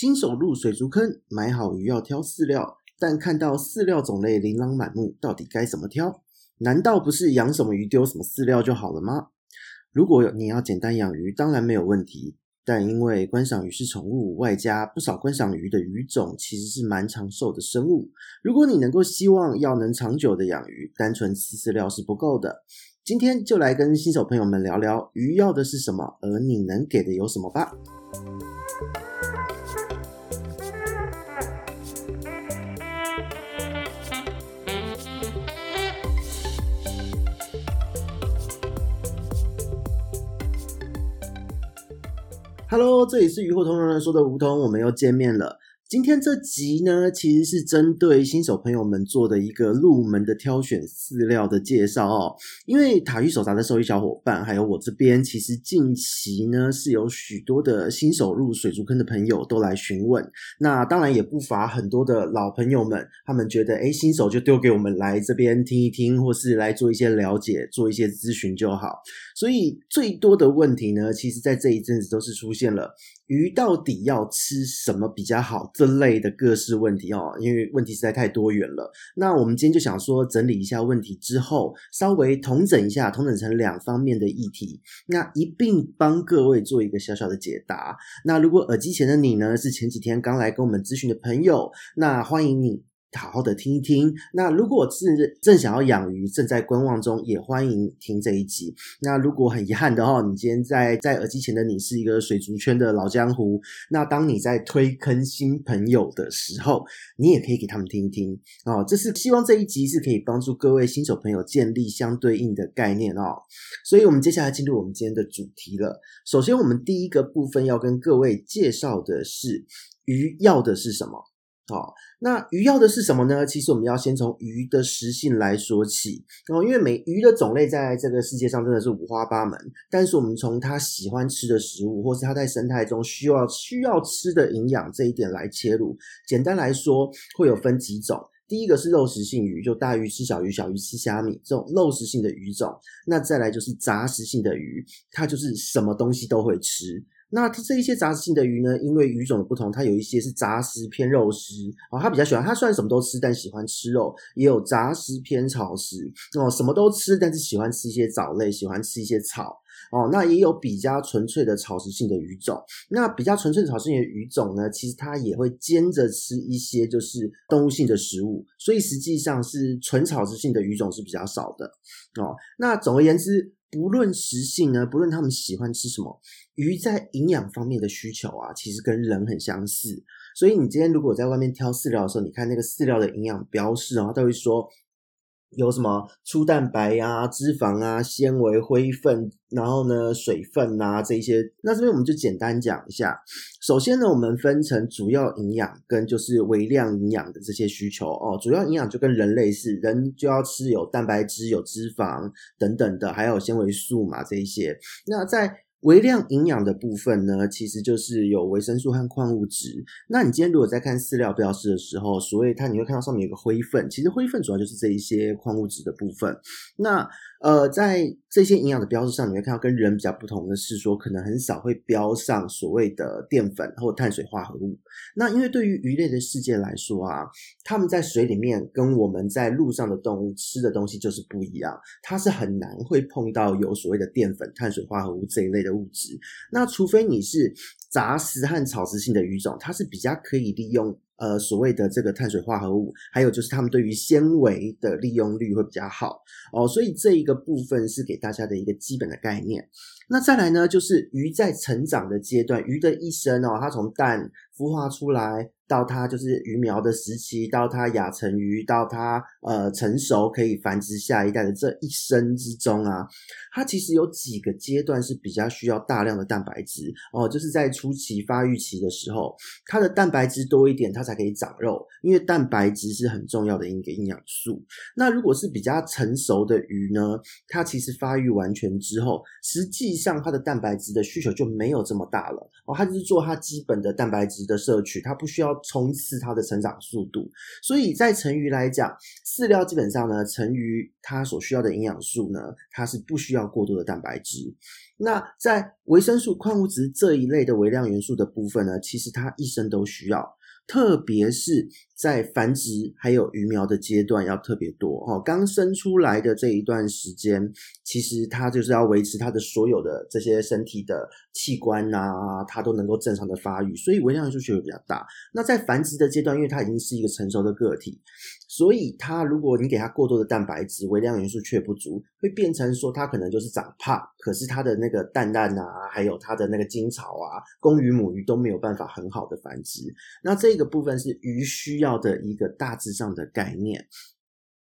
新手入水族坑，買好魚要挑飼料，但看到飼料種類琳琅滿目，到底該怎麼挑？難道不是養什麼魚丟什麼飼料就好了嗎？如果你要簡單養魚，當然沒有問題。但因為觀賞魚是寵物，外加不少觀賞魚的魚種，其實是蠻長壽的生物。如果你能夠希望要能長久的養魚，單純吃飼料是不夠的。今天就來跟新手朋友們聊聊，魚要的是什麼，而你能給的有什麼吧。哈嘍，Hello, 這裡是魚活通人說的梧桐，我們又見面了。今天這集呢，其實是針對新手朋友們做的一個入門的挑選飼料的介紹哦。因為塔魚手札的受益小伙伴，還有我這邊，其實近期呢是有許多的新手入水族坑的朋友都來詢問。那當然也不乏很多的老朋友們，他們覺得，誒、欸、新手就丟給我們來這邊聽一聽，或是來做一些了解、做一些諮詢就好。所以最多的問題呢，其實在這一陣子都是出現了。魚到底要吃什麼比較好？這類的各式問題哦，因為問題實在太多元了。那我們今天就想說，整理一下問題之後，稍微統整一下，統整成兩方面的議題，那一併幫各位做一個小小的解答。那如果耳機前的你呢，是前幾天剛來跟我們諮詢的朋友，那歡迎你。好好的聽一聽。那如果是正想要養魚，正在觀望中，也歡迎聽這一集。那如果很遺憾的話，你今天在在耳機前的你是一個水族圈的老江湖。那當你在推坑新朋友的時候，你也可以給他們聽一聽哦。這是希望這一集是可以幫助各位新手朋友建立相對應的概念哦。所以，我們接下來進入我們今天的主題了。首先，我們第一個部分要跟各位介紹的是魚要的是什麼？好，那魚要的是什麼呢？其實我們要先從魚的食性來說起。然後，因為每魚的種類在這個世界上真的是五花八門，但是我們從它喜歡吃的食物，或是它在生態中需要需要吃的營養這一點來切入。簡單來說，會有分幾種。第一個是肉食性魚，就大魚吃小魚，小魚吃蝦米這種肉食性的魚種。那再來就是雜食性的魚，它就是什麼東西都會吃。那這一些雜食性的魚呢？因為魚種的不同，它有一些是雜食偏肉食，哦，它比較喜歡，它雖然什麼都吃，但喜歡吃肉；也有雜食偏草食，哦，什麼都吃，但是喜歡吃一些藻類，喜歡吃一些草。哦，那也有比較純粹的草食性的魚種。那比較純粹的草食性的魚種呢，其實它也會兼著吃一些就是動物性的食物。所以實際上是純草食性的魚種是比較少的。哦，那總而言之，不論食性呢，不論他們喜歡吃什麼。魚在營養方面的需求啊，其實跟人很相似，所以你今天如果在外面挑飼料的時候，你看那個飼料的營養標示啊，它會說有什麼粗蛋白啊、脂肪啊、纖維、灰分，然後呢，水分啊這一些。那這邊我們就簡單講一下。首先呢，我們分成主要營養跟就是微量營養的這些需求哦。主要營養就跟人類似，人就要吃有蛋白質、有脂肪等等的，還有纖維素嘛這一些。那在微量營養的部分呢，其實就是有維生素和礦物質。那你今天如果在看飼料標示的時候，所以它，你會看到上面有個灰分，其實灰分主要就是這一些礦物質的部分。那呃，在這些營養的標示上，你會看到跟人比較不同的是說，說可能很少會標上所謂的澱粉或碳水化合物。那因為對於魚類的世界來說啊，它們在水裡面跟我們在陸上的動物吃的東西就是不一樣，它是很難會碰到有所謂的澱粉、碳水化合物這一類的物質。那除非你是。雜食和草食性的魚種，它是比較可以利用呃所謂的這個碳水化合物，還有就是它們對於纖維的利用率會比較好哦，所以這一個部分是給大家的一個基本的概念。那再來呢，就是魚在成長的階段，魚的一生哦，它從蛋孵化出來。到它就是魚苗的時期，到它亞成魚，到它呃成熟可以繁殖下一代的這一生之中啊，它其實有幾個階段是比較需要大量的蛋白質哦，就是在初期發育期的時候，它的蛋白質多一點，它才可以長肉，因為蛋白質是很重要的一個營養素。那如果是比較成熟的魚呢，它其實發育完全之後，實際上它的蛋白質的需求就沒有這麼大了哦，它就是做它基本的蛋白質的攝取，它不需要。衝刺它的成長速度，所以在成魚來講，飼料基本上呢，成魚它所需要的營養素呢，它是不需要過多的蛋白質。那在維生素、礦物質這一類的微量元素的部分呢，其實它一生都需要。特別是在繁殖還有魚苗的階段要特別多哦，剛生出來的這一段時間，其實它就是要維持它的所有的這些身體的器官吶、啊，它都能夠正常的發育，所以微量元素就會比較大。那在繁殖的階段，因為它已經是一個成熟的個體，所以它如果你給它過多的蛋白質，微量元素卻不足，會變成說它可能就是長胖。可是它的那個蛋蛋啊，還有它的那個精巢啊，公魚母魚都沒有辦法很好的繁殖。那這個部分是魚需要的一個大致上的概念。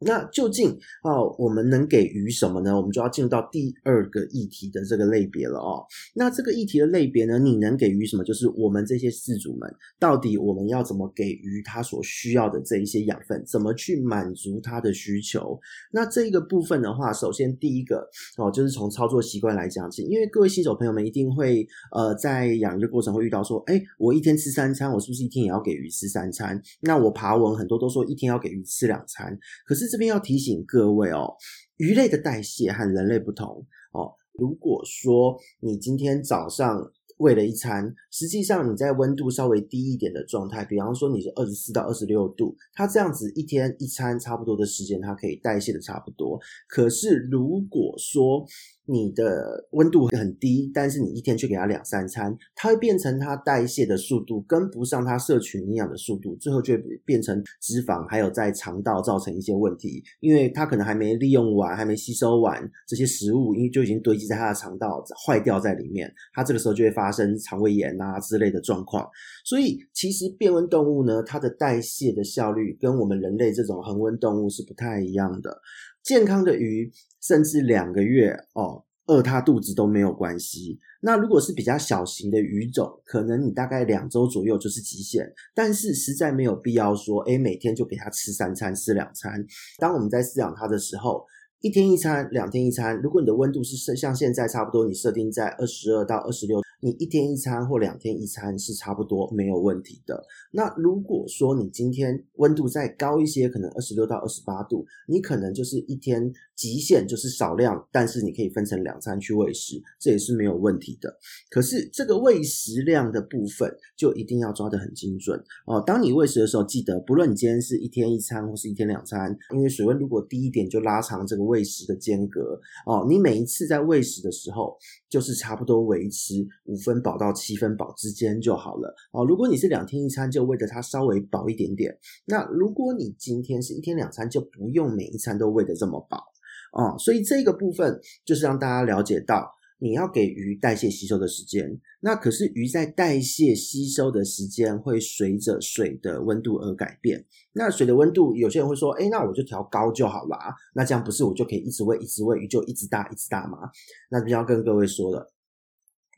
那究竟哦，我們能給予什麼呢？我們就要進入到第二個議題的這個類別了哦。那這個議題的類別呢，你能給予什麼？就是我們這些飼主們，到底我們要怎麼給予他所需要的這一些養分，怎麼去滿足他的需求？那這個部分的話，首先第一個哦，就是從操作習慣來講起，因為各位新手朋友們一定會呃，在養魚的過程會遇到說，哎，我一天吃三餐，我是不是一天也要給魚吃三餐？那我爬文很多都說一天要給魚吃兩餐，可是。這邊要提醒各位哦，魚類的代謝和人類不同哦。如果說你今天早上餵了一餐，實際上你在溫度稍微低一點的狀態，比方說你是二十四到二十六度，它這樣子一天一餐差不多的時間，它可以代謝的差不多。可是如果說，你的溫度很低，但是你一天去給它兩三餐，它會變成它代謝的速度跟不上它攝取營養的速度，最後就會變成脂肪，還有在腸道造成一些問題，因為它可能還沒利用完，還沒吸收完這些食物，因為就已經堆積在它的腸道壞掉在裡面，它這個時候就會發生腸胃炎啊之類的狀況。所以，其實變溫動物呢，它的代謝的效率跟我們人類這種恆溫動物是不太一樣的。健康的魚，甚至兩個月哦，餓它肚子都沒有關係。那如果是比較小型的魚種，可能你大概兩周左右就是極限。但是實在沒有必要說，哎、欸，每天就給它吃三餐，吃兩餐。當我們在飼養它的時候，一天一餐，兩天一餐。如果你的溫度是設像現在差不多，你設定在二十二到二十六。你一天一餐或兩天一餐是差不多沒有問題的。那如果說你今天溫度再高一些，可能二十六到二十八度，你可能就是一天極限就是少量，但是你可以分成兩餐去餵食，這也是沒有問題的。可是這個餵食量的部分就一定要抓得很精準哦。當你餵食的時候，記得不論你今天是一天一餐或是一天兩餐，因為水溫如果低一點，就拉長這個餵食的間隔哦。你每一次在餵食的時候，就是差不多維持五分飽到七分飽之間就好了哦。如果你是兩天一餐，就餵得它稍微飽一點點。那如果你今天是一天兩餐，就不用每一餐都餵得這麼飽哦。所以這個部分就是讓大家了解到。你要給魚代謝吸收的時間，那可是魚在代謝吸收的時間會隨着水的溫度而改變。那水的溫度，有些人會說，誒、欸，那我就調高就好啦，那這樣不是我就可以一直餵，一直餵，魚就一直大，一直大嗎？那就要跟各位說了。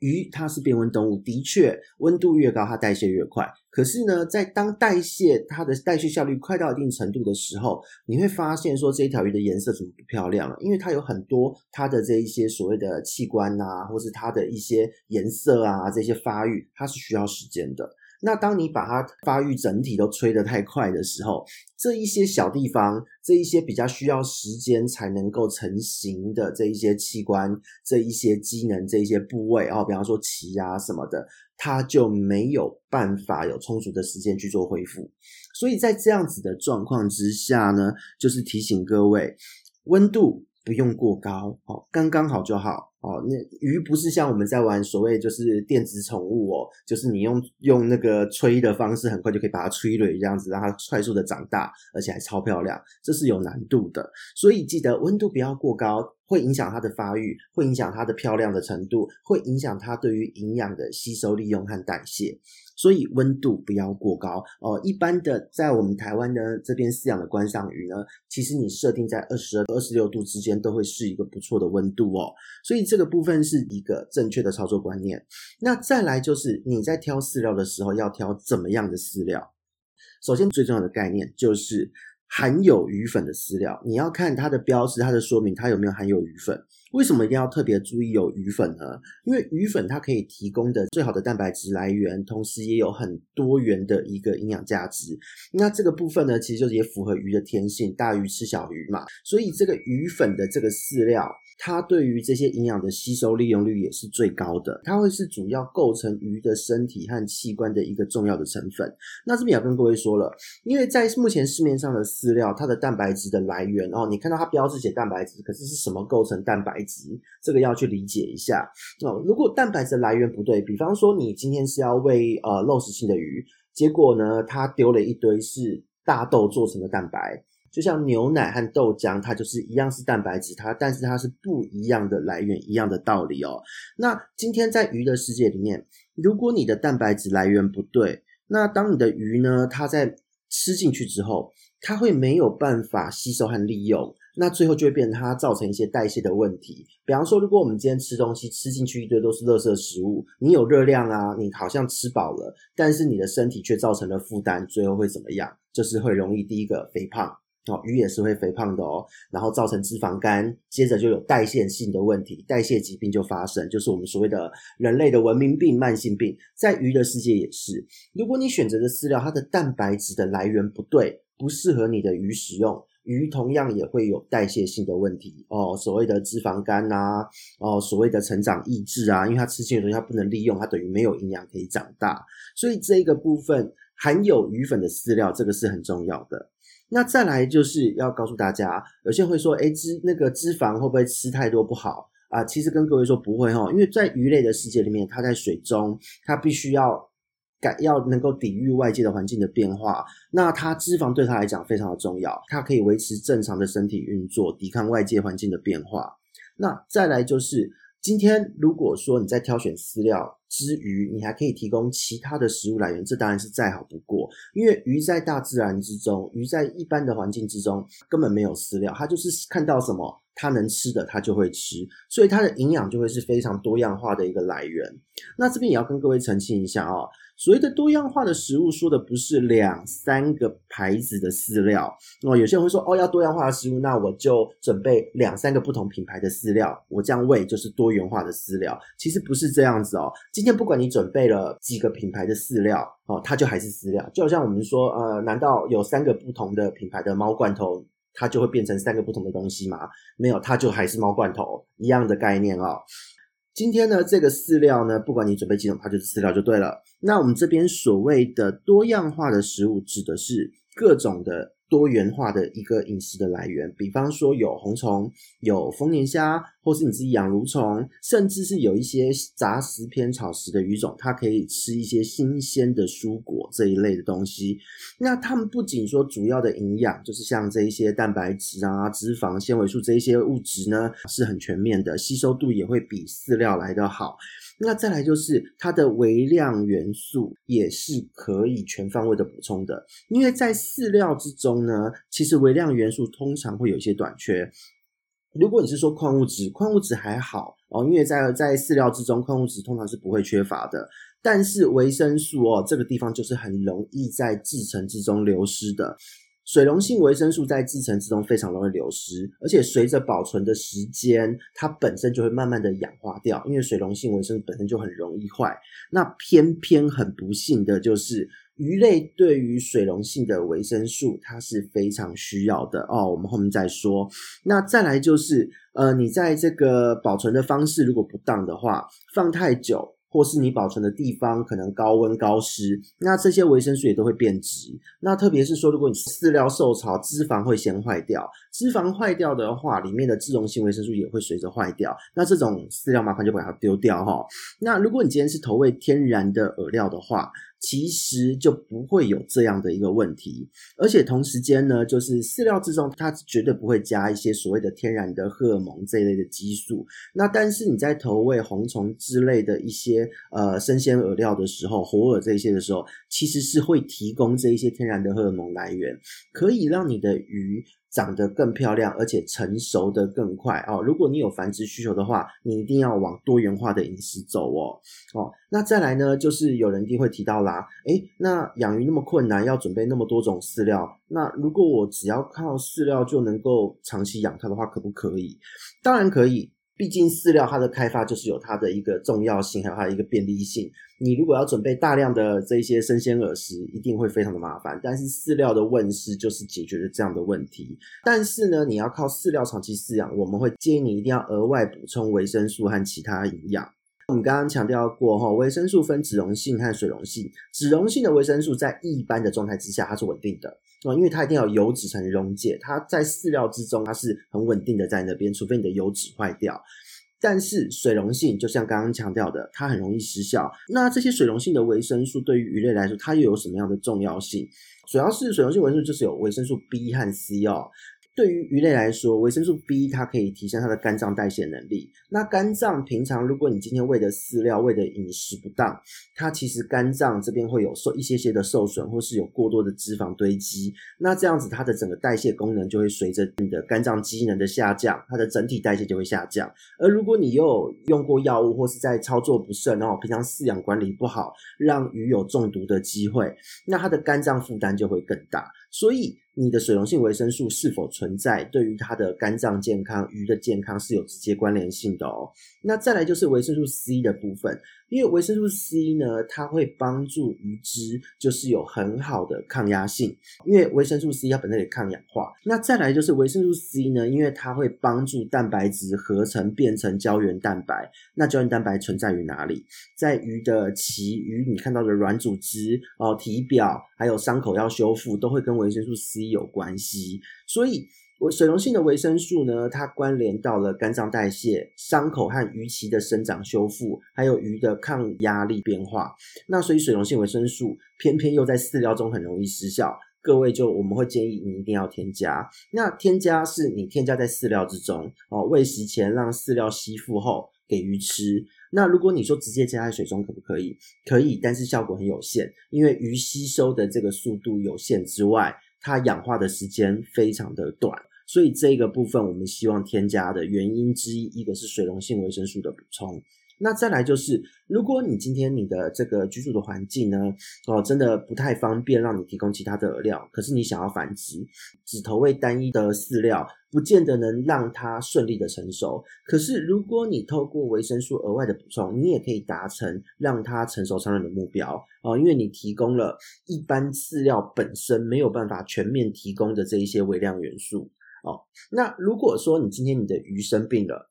魚它是變溫動物，的確溫度越高，它代謝越快。可是呢，在當代謝它的代謝效率快到一定程度的時候，你會發現說這一條魚的顏色怎麼不漂亮了？因為它有很多它的這一些所謂的器官吶、啊，或是它的一些顏色啊，這些發育它是需要時間的。那當你把它發育整體都催得太快的時候，這一些小地方，這一些比較需要時間才能夠成型的這一些器官，這一些機能，這一些部位哦，比方說鰭呀，啊、什麼的，它就沒有辦法有充足的時間去做恢復。所以在這樣子的狀況之下呢，就是提醒各位，溫度。不用過高哦，剛剛好就好哦。那魚不是像我們在玩所謂就是電子寵物哦，就是你用用那個吹的方式，很快就可以把它吹累，這樣子讓它快速的長大，而且還超漂亮，這是有難度的。所以記得溫度不要過高。會影響它的發育，會影響它的漂亮的程度，會影響它對於營養的吸收、利用和代謝。所以溫度不要過高哦。一般的，在我們台灣呢這邊飼養的觀賞魚呢，其實你設定在二十二、二十六度之間，都會是一個不錯的溫度哦。所以這個部分是一個正確的操作觀念。那再來就是你在挑飼料的時候，要挑怎麼樣的飼料？首先最重要的概念就是。含有魚粉的飼料，你要看它的標示，它的說明，它有沒有含有魚粉。為什麼一定要特別注意有魚粉呢？因為魚粉它可以提供的最好的蛋白質來源，同時也有很多元的一個營養價值。那這個部分呢，其實就是也符合魚的天性，大魚吃小魚嘛。所以這個魚粉的這個飼料，它對於這些營養的吸收利用率也是最高的。它會是主要構成魚的身體和器官的一個重要的成分。那這邊也要跟各位說了，因為在目前市面上的飼料，它的蛋白質的來源哦，你看到它標志寫蛋白質，可是是什麼構成蛋白質？白質，這個要去理解一下。如果蛋白質的來源不對，比方說你今天是要餵呃肉食性的魚，結果呢它丟了一堆是大豆做成的蛋白，就像牛奶和豆漿，它就是一樣是蛋白質，它但是它是不一樣的來源，一樣的道理哦。那今天在魚的世界裡面，如果你的蛋白質來源不對，那當你的魚呢，它在吃進去之後，它會沒有辦法吸收和利用。那最後就會變成它造成一些代謝的問題，比方說，如果我們今天吃東西吃進去一堆都是垃圾食物，你有熱量啊，你好像吃飽了，但是你的身體卻造成了負擔，最後會怎麼樣？就是會容易第一個肥胖哦，魚也是會肥胖的哦，然後造成脂肪肝，接着就有代謝性的問題，代謝疾病就發生，就是我們所謂的人類的文明病、慢性病，在魚的世界也是。如果你選擇的飼料，它的蛋白質的來源不對，不適合你的魚食用，魚同樣也會有代謝性的問題哦，所謂的脂肪肝吶、啊，哦，所謂的成長抑制啊，因為它吃進去東西它不能利用，它等於沒有營養可以長大，所以這個部分含有魚粉的飼料，這個是很重要的。那再來就是要告訴大家，有些人會說，哎，脂那個脂肪會不會吃太多不好啊？其實跟各位說不會哈，因為在魚類的世界裡面，它在水中，它必須要。感要能夠抵禦外界的環境的變化，那它脂肪對它來講非常的重要，它可以維持正常的身體運作，抵抗外界環境的變化。那再來就是，今天如果說你在挑選飼料之餘，你還可以提供其他的食物來源，這當然是再好不過。因為魚在大自然之中，魚在一般的環境之中根本沒有飼料，它就是看到什麼。它能吃的，它就會吃，所以它的營養就會是非常多樣化的一個來源。那這邊也要跟各位澄清一下啊、哦，所謂的多樣化的食物，說的不是兩三個牌子的飼料。那、哦、有些人會說，哦，要多樣化的食物，那我就準備兩三個不同品牌的飼料，我這樣餵就是多元化的飼料。其實不是這樣子哦。今天不管你準備了幾個品牌的飼料哦，它就還是飼料。就好像我們說，呃，難道有三個不同的品牌的貓罐頭？它就會變成三個不同的東西嗎？沒有，它就還是貓罐頭，一樣的概念哦。今天呢，這個飼料呢，不管你準備幾種，它就是飼料就對了。那我們這邊所謂的多樣化的食物，指的是各種的。多元化的一個飲食的來源，比方說有紅蟲、有豐年蝦，或是你自己養蠕蟲，甚至是有一些雜食、偏草食的魚種，它可以吃一些新鮮的蔬果這一類的東西。那它們不僅說主要的營養，就是像這一些蛋白質啊、脂肪、纖維素這一些物質呢，是很全面的，吸收度也會比飼料來得好。那再來就是它的微量元素也是可以全方位的補充的，因為在飼料之中呢，其實微量元素通常會有一些短缺。如果你是說礦物質，礦物質還好哦，因為在在飼料之中，礦物質通常是不會缺乏的。但是維生素哦，這個地方就是很容易在製程之中流失的。水溶性維生素在製程之中非常容易流失，而且隨着保存的時間，它本身就會慢慢的氧化掉。因為水溶性維生素本身就很容易壞，那偏偏很不幸的就是魚類對於水溶性的維生素它是非常需要的哦。我們後面再說。那再來就是，呃，你在這個保存的方式如果不當的話，放太久。或是你保存的地方可能高溫高濕，那這些維生素也都會變質。那特別是說，如果你飼料受潮，脂肪會先壞掉。脂肪壞掉的話，裡面的脂溶性維生素也會隨着壞掉。那這種飼料麻煩就把它丟掉哈、哦。那如果你今天是投餵天然的餌料的話。其實就不會有這樣的一個問題，而且同時間呢，就是飼料之中它絕對不會加一些所謂的天然的荷爾蒙這一類的激素。那但是你在投餵紅蟲之類的一些呃生鮮餌料的時候，活餌這些的時候，其實是會提供這一些天然的荷爾蒙來源，可以讓你的魚。長得更漂亮，而且成熟得更快哦。如果你有繁殖需求的話，你一定要往多元化的飲食走哦。哦，那再來呢，就是有人一定會提到啦，誒，那養魚那麼困難，要準備那麼多種飼料，那如果我只要靠飼料就能夠長期養它的話，可不可以？當然可以。畢竟飼料它的開發就是有它的一個重要性，還有它的一個便利性。你如果要準備大量的這一些生鮮餌食，一定會非常的麻煩。但是飼料的問世就是解決了這樣的問題。但是呢，你要靠飼料長期飼養，我們會建議你一定要額外補充維生素和其他營養。我們剛剛強調過齁，維生素分脂溶性和水溶性。脂溶性的維生素在一般的狀態之下，它是穩定的，因為它一定要有油脂才能溶解，它在飼料之中，它是很穩定的在那邊，除非你的油脂壞掉。但是水溶性，就像剛剛強調的，它很容易失效。那這些水溶性的維生素對於魚類來說，它又有什麼樣的重要性？主要是水溶性維生素就是有維生素 B 和 C 哦。對於魚類來說，維生素 B 它可以提升它的肝臟代謝能力。那肝臟平常，如果你今天餵的飼料、餵的飲食不當，它其實肝臟這邊會有受一些些的受損，或是有過多的脂肪堆積。那這樣子，它的整個代謝功能就會隨着你的肝臟機能的下降，它的整體代謝就會下降。而如果你又有用過藥物，或是在操作不慎，然後平常飼養管理不好，讓魚有中毒的機會，那它的肝臟負擔就會更大。所以，你的水溶性維生素是否存在，對於他的肝臟健康、魚的健康是有直接關聯性的哦。那再來就是維生素 C 的部分。因為維生素 C 呢，它會幫助魚隻，就是有很好的抗壓性。因為維生素 C 它本身也抗氧化。那再來就是維生素 C 呢，因為它會幫助蛋白質合成變成膠原蛋白。那膠原蛋白存在於哪裡？在魚的鰭、魚你看到的軟組織哦，體表，還有傷口要修復，都會跟維生素 C 有關係。所以。我水溶性的維生素呢，它關聯到了肝臟代謝、傷口和魚鰭的生長修復，還有魚的抗壓力變化。那所以水溶性維生素偏偏又在飼料中很容易失效。各位，就我們會建議你一定要添加。那添加是你添加在飼料之中哦，餵食前讓飼料吸附後給魚吃。那如果你說直接添加在水中可不可以？可以，但是效果很有限，因為魚吸收的這個速度有限之外。它氧化的時間非常的短，所以這個部分我們希望添加的原因之一，一個是水溶性維生素的補充。那再來就是，如果你今天你的這個居住的環境呢，哦，真的不太方便讓你提供其他的餌料，可是你想要繁殖，只投餵單一的飼料，不見得能讓它順利的成熟。可是如果你透過維生素額外的補充，你也可以達成讓它成熟產卵的目標哦，因為你提供了一般飼料本身沒有辦法全面提供的這一些微量元素哦，那如果說你今天你的魚生病了，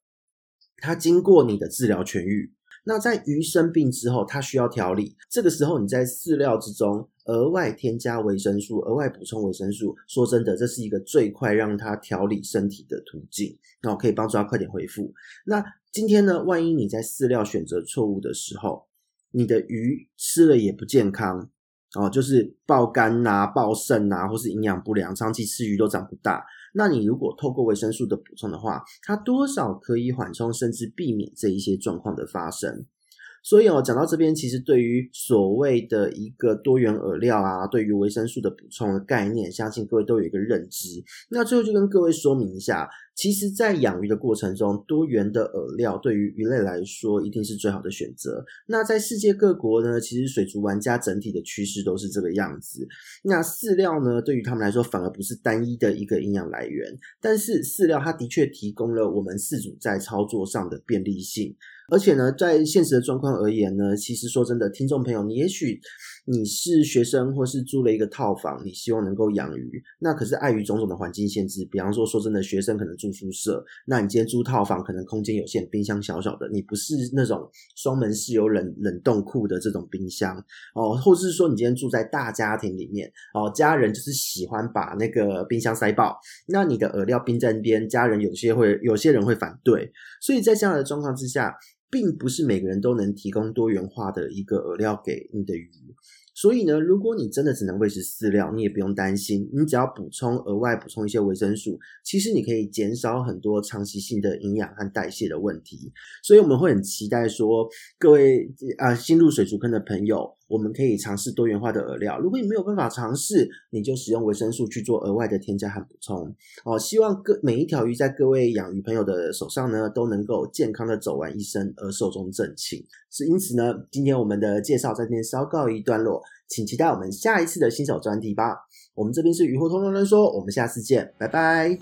它經過你的治療痊癒，那在魚生病之後，它需要調理。這個時候，你在飼料之中額外添加維生素，額外補充維生素。說真的，這是一個最快讓它調理身體的途徑，那我可以幫助它快點恢復。那今天呢，萬一你在飼料選擇錯誤的時候，你的魚吃了也不健康哦，就是爆肝吶、啊、爆腎吶、啊，或是營養不良，長期吃魚都長不大。那你如果透過維生素的補充的話，它多少可以緩衝，甚至避免這一些狀況的發生。所以哦，講到這邊，其實對於所謂的一個多元餌料啊，對於維生素的補充的概念，相信各位都有一個認知。那最後就跟各位說明一下，其實，在養魚的過程中，多元的餌料對於魚類來說，一定是最好的選擇。那在世界各國呢，其實水族玩家整體的趨勢都是這個樣子。那飼料呢，對於他們來說，反而不是單一的一個營養來源，但是飼料它的確提供了我們飼主在操作上的便利性。而且呢，在現實的狀況而言呢，其實說真的，聽眾朋友，你也許你是學生，或是租了一個套房，你希望能夠養魚，那可是礙於種種的環境限制，比方說，說真的，學生可能住宿舍，那你今天租套房，可能空間有限，冰箱小小的，你不是那種雙門式有冷冷凍庫的這種冰箱哦，或是說你今天住在大家庭裡面哦，家人就是喜歡把那個冰箱塞爆，那你的餌料冰在那邊，家人有些會有些人會反對，所以在這樣的狀況之下。並不是每個人都能提供多元化的一個餌料給你的魚。所以呢，如果你真的只能餵食飼料，你也不用擔心，你只要補充額外補充一些維生素，其實你可以減少很多長期性的營養和代謝的問題。所以我們會很期待說，各位啊新入水族坑的朋友，我們可以嘗試多元化的餌料。如果你沒有辦法嘗試，你就使用維生素去做額外的添加和補充。哦，希望各每一條魚在各位養魚朋友的手上呢，都能夠健康的走完一生而壽終正寢。是因此呢，今天我們的介紹在這邊稍告一段落。請期待我們下一次的新手專題吧。我們這邊是魚活通通的說，我們下次見，拜拜。